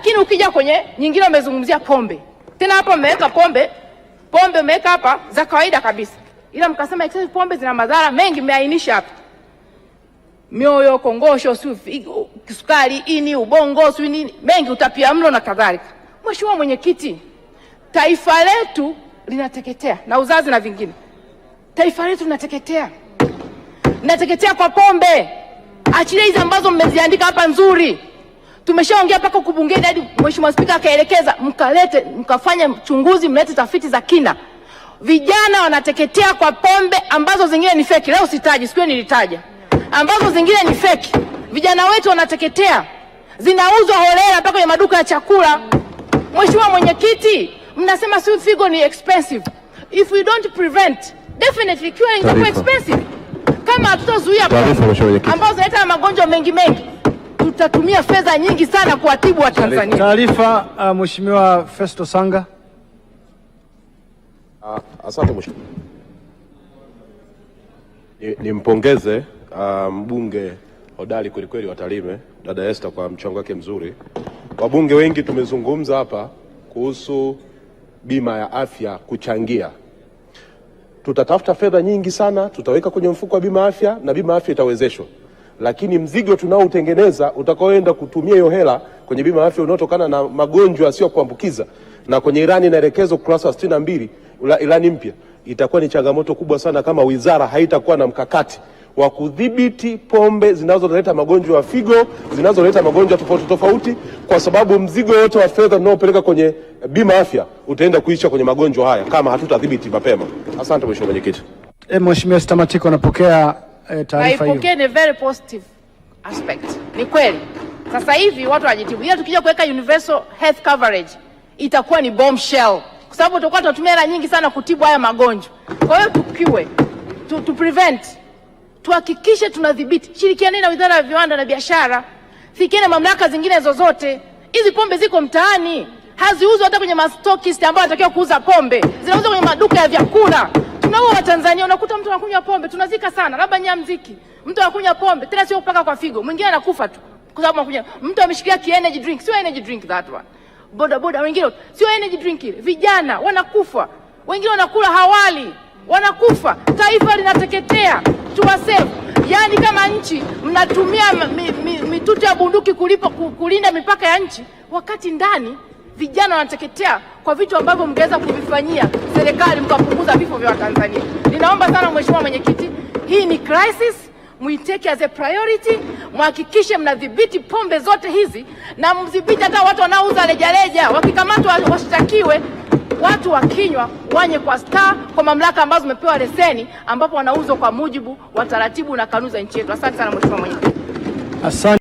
Lakini ukija kwenye nyingine umezungumzia pombe, tena hapa mmeweka pombe, pombe mmeweka hapa za kawaida kabisa, ila mkasema excessive pombe zina madhara mengi, mmeainisha hapa mioyo, kongosho, kisukari, ini, ubongo, sio nini, mengi, utapia mlo na kadhalika. Mheshimiwa Mwenyekiti, taifa letu linateketea na uzazi na vingine, taifa letu linateketea, linateketea kwa pombe. Achilia hizi ambazo mmeziandika hapa nzuri Tumeshaongea mpaka kubungeni hadi Mheshimiwa Spika akaelekeza mkalete, mkafanye uchunguzi, mlete tafiti za kina. Vijana wanateketea kwa pombe ambazo zingine ni feki. Leo sitaji, sikuwe nilitaja ambazo zingine ni feki. Vijana wetu wanateketea, zinauzwa holela mpaka kwenye maduka ya chakula. Mheshimiwa Mwenyekiti, mnasema si figo ni expensive. If we don't prevent, definitely cure itakuwa expensive, kama hatutazuia ambazo zinaleta magonjwa mengi mengi tutatumia fedha nyingi sana kuwatibu Watanzania. Taarifa uh, Mheshimiwa Festo Sanga. Uh, asante mheshimiwa. Nimpongeze uh, mbunge hodari kwelikweli wa Tarime dada Esther kwa mchango wake mzuri. Wabunge wengi tumezungumza hapa kuhusu bima ya afya kuchangia tutatafuta fedha nyingi sana tutaweka kwenye mfuko wa bima afya na bima afya itawezeshwa lakini mzigo tunaoutengeneza utakaoenda kutumia hiyo hela kwenye bima ya afya unaotokana na magonjwa kuambukiza na kwenye ilani inaelekezwa ukurasa wa sitini na mbili ilani mpya, itakuwa ni changamoto kubwa sana kama wizara haitakuwa na mkakati wa kudhibiti pombe zinazoleta magonjwa ya figo, zinazoleta magonjwa tofauti tofauti, kwa sababu mzigo wote wa fedha unaopeleka kwenye bima afya utaenda kuisha kwenye magonjwa haya kama hatutadhibiti mapema. Asante mheshimiwa mwenyekiti. Eh, mheshimiwa Stamatiko anapokea Eh, taarifa hiyo naipokea ni very positive aspect. Ni kweli sasa hivi watu wajitibu, ila tukija kuweka universal health coverage itakuwa ni bombshell, kwa sababu tutakuwa tunatumia hela nyingi sana kutibu haya magonjwa. Kwa hiyo tukiwe tu, tu prevent tuhakikishe tunadhibiti. shirikiani na Wizara ya Viwanda na Biashara, fikiane mamlaka zingine zozote. Hizi pombe ziko mtaani, haziuzwi hata kwenye mastokist ambayo anatakiwa kuuza pombe, zinauzwa kwenye maduka ya vyakula tunaua Watanzania. Unakuta mtu anakunywa pombe, tunazika sana, labda nyia mziki, mtu anakunywa pombe tena, sio paka kwa figo, mwingine anakufa tu kwa sababu anakunywa. Mtu ameshikilia ki energy drink, sio energy drink that one, boda boda, wengine sio energy drink ile, vijana wanakufa, wengine wanakula hawali, wanakufa, taifa linateketea. Tuwasave yani, kama nchi mnatumia mitutu mi, mi, ya bunduki kulipo kulinda mipaka ya nchi, wakati ndani vijana wanateketea kwa vitu ambavyo mngeweza kuvifanyia serikali mkapunguza vifo vya Watanzania. Ninaomba sana mheshimiwa mwenyekiti, hii ni crisis, muiteke as a priority, muhakikishe mnadhibiti pombe zote hizi na mdhibiti hata watu wanaouza rejareja, wakikamatwa washtakiwe watu wakinywa wanye kwa staa kwa mamlaka ambazo zimepewa leseni ambapo wanauzwa kwa mujibu wa taratibu na kanuni za nchi yetu. Asante sana mheshimiwa mwenyekiti.